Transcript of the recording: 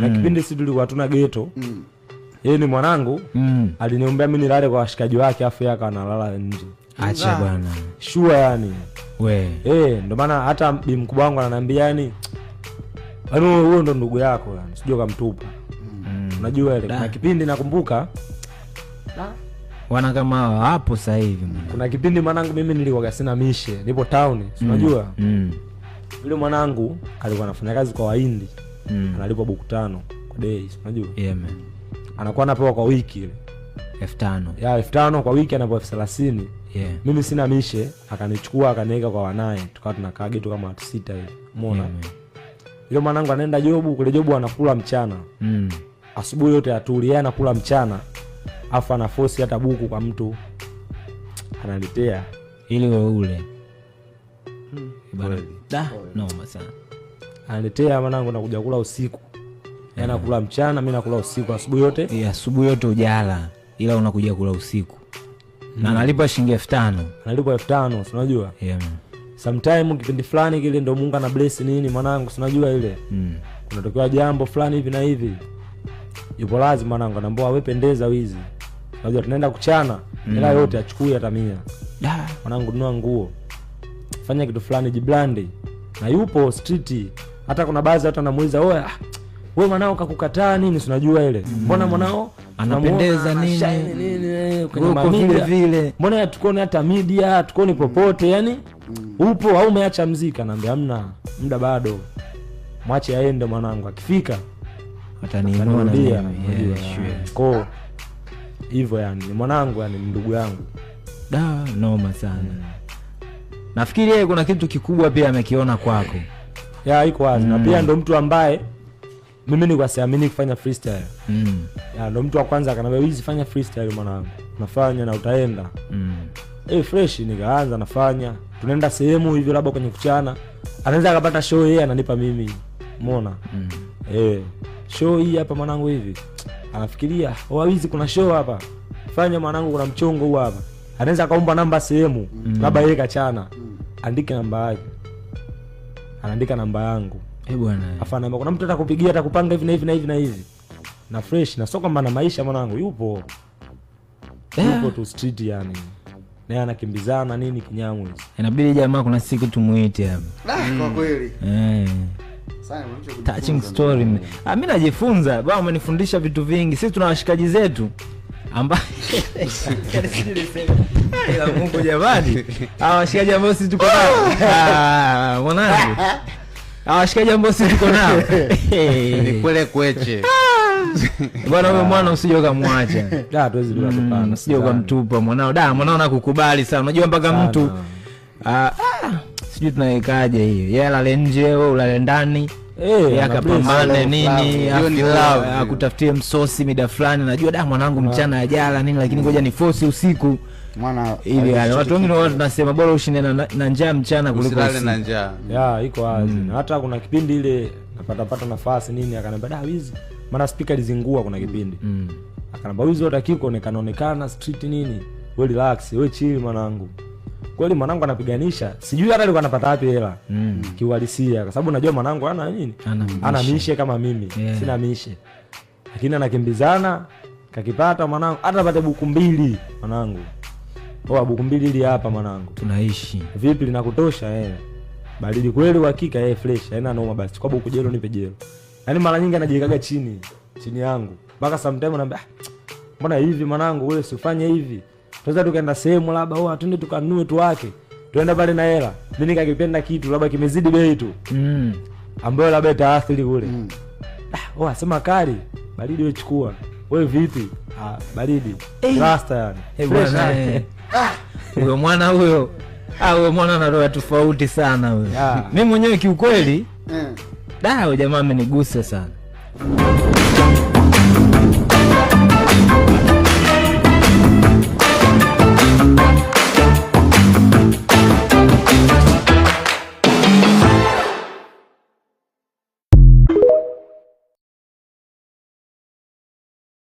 kuna mm. kipindi si tulikuwa tuna geto mm. yeye ni mwanangu mm. aliniombea mi nilale kwa washikaji wake afu yaka analala nje acha ah. bwana shua yani we eh ndo maana hata bi mkubwa wangu ananiambia yani yani huyo ndo ndugu yako yani sijui kamtupa mm. unajua ile kuna kipindi nakumbuka da wana kama hapo sasa hivi kuna kipindi mwanangu mimi nilikuwaga sina mishe nipo town mm. unajua mm. mm. yule mwanangu alikuwa anafanya kazi kwa wahindi mm. analipwa buku tano kwa days unajua yeah, anakuwa anapewa kwa wiki ile elfu tano ya elfu tano kwa wiki anapewa elfu thelathini yeah. mimi sina mishe akanichukua akaniweka kwa wanaye tukawa tunakaa gitu kama watu sita hivi mona yeah, ilo mwanangu anaenda jobu kule jobu anakula mchana mm. asubuhi yote atuli yeye anakula mchana afu anafosi hata buku kwa mtu analetea ili weule hmm. Da, noma sana analetea mwanangu, nakuja kula usiku yeah. Yaani nakula mchana, mi nakula usiku, asubuhi yote eh, asubuhi yeah, yote ujala, ila unakuja kula usiku mm. Na analipa shilingi elfu tano analipa elfu tano unajua yeah, sometime kipindi fulani kile ndo Mungu ana bless nini mwanangu, unajua ile mm. kunatokea jambo fulani hivi na hivi, yupo lazima mwanangu, anaambia wewe pendeza wizi, unajua tunaenda kuchana mm. ila yote achukui hata mia mwanangu, nunua nguo, fanya kitu fulani, jiblandi na yupo street hata kuna baadhi watu wanamuuliza wewe ah, wewe mwanao kakukataa nini sinajua ile mm. mbona mm. mwanao anapendeza nini nini kwenye vile mbona tukuone hata media tukuone mm. popote yani mm. upo au umeacha mziki anaambia amna muda bado mwache aende mwanangu akifika ataniinua na yeah, sure. hivyo yani ni mwanangu yani ndugu yangu da noma sana mm. nafikiri yeye kuna kitu kikubwa pia amekiona kwako ya iko wazi mm. na pia mm. ndo mtu ambaye mimi nilikuwa siamini kufanya freestyle mm. ya ndo mtu wa kwanza akaniambia wizi fanya freestyle mwanangu nafanya na utaenda mm. hey, eh, fresh nikaanza nafanya tunaenda sehemu hivyo labda kwenye kuchana anaweza akapata show yeye ananipa mimi mona mm. hey, eh, show hii hapa mwanangu hivi anafikiria wawizi oh, kuna show hapa fanya mwanangu kuna mchongo huu hapa anaweza akaomba namba sehemu mm. labda yeye kachana mm. andike namba yake anaandika namba yangu eh bwana, namba, kuna mtu atakupigia atakupanga hivi na hivi na hivi na hivi na fresh, na sio kwamba na maisha mwanangu yupo yeah. yupo tu street yani naye anakimbizana nini kinyamwe, inabidi jamaa, kuna siku tumuite hapa ah, kwa mm. kweli eh touching story. Ah, mimi najifunza bwana, umenifundisha vitu vingi. Sisi tuna washikaji zetu Mungu jamani, awashikaji ambao sisi tuko nao ah, mwanangu, awashikaji ambao si tuko nao ni kwele kweche bwana. Huyo mwana usije ukamwacha, usije ukamtupa mwanao. Da, mwanao nakukubali sana. Unajua mpaka mtu ah, ah, sijui tunawekaje hiyo, yeye alale nje, ulale ndani Eh, akapambane nini akutafutie msosi mida fulani, najua da mwanangu mchana ajala nini, lakini ngoja ni fosi usiku mwana ili watu wengine wao tunasema bora ushinde na, njaa mchana kuliko na njaa. Ya iko wazi. Mm. Hata kuna kipindi ile napata pata nafasi nini akaniambia da wizi. Maana speaker lizingua kuna kipindi. Mm. Akaniambia wizi unatakiwa onekana street nini. Wewe relax, wewe chill mwanangu kweli mwanangu anapiganisha, sijui hata alikuwa anapata wapi hela mm. kiuhalisia, kwa sababu najua mwanangu ana nini, ana, mishe kama mimi yeah. sina mishe, lakini anakimbizana kakipata mwanangu, hata apate buku mbili mwanangu, oa buku mbili hili hapa mwanangu, tunaishi vipi, linakutosha eh? baridi kweli, uhakika eh, fresh haina noma. Basi kwa buku jelo, nipe jelo. Yani mara nyingi anajikaga chini chini yangu, mpaka sometime anambia ah, mbona hivi mwanangu, wewe usifanye hivi tunaweza tukaenda sehemu labda huwa oh, atende tukanunue tu wake tuenda pale na hela mimi nikakipenda kitu labda kimezidi bei tu mm. ambayo labda itaathiri kule mm. ah, huwa oh, sema kali baridi wewe chukua wewe vipi ah, baridi hey. Eh. rasta yani hey, eh, fresh bwana eh. Ah. huyo mwana huyo ah huyo mwana ana roho tofauti sana huyo yeah. mimi mwenyewe kiukweli mm. Eh. da jamaa amenigusa sana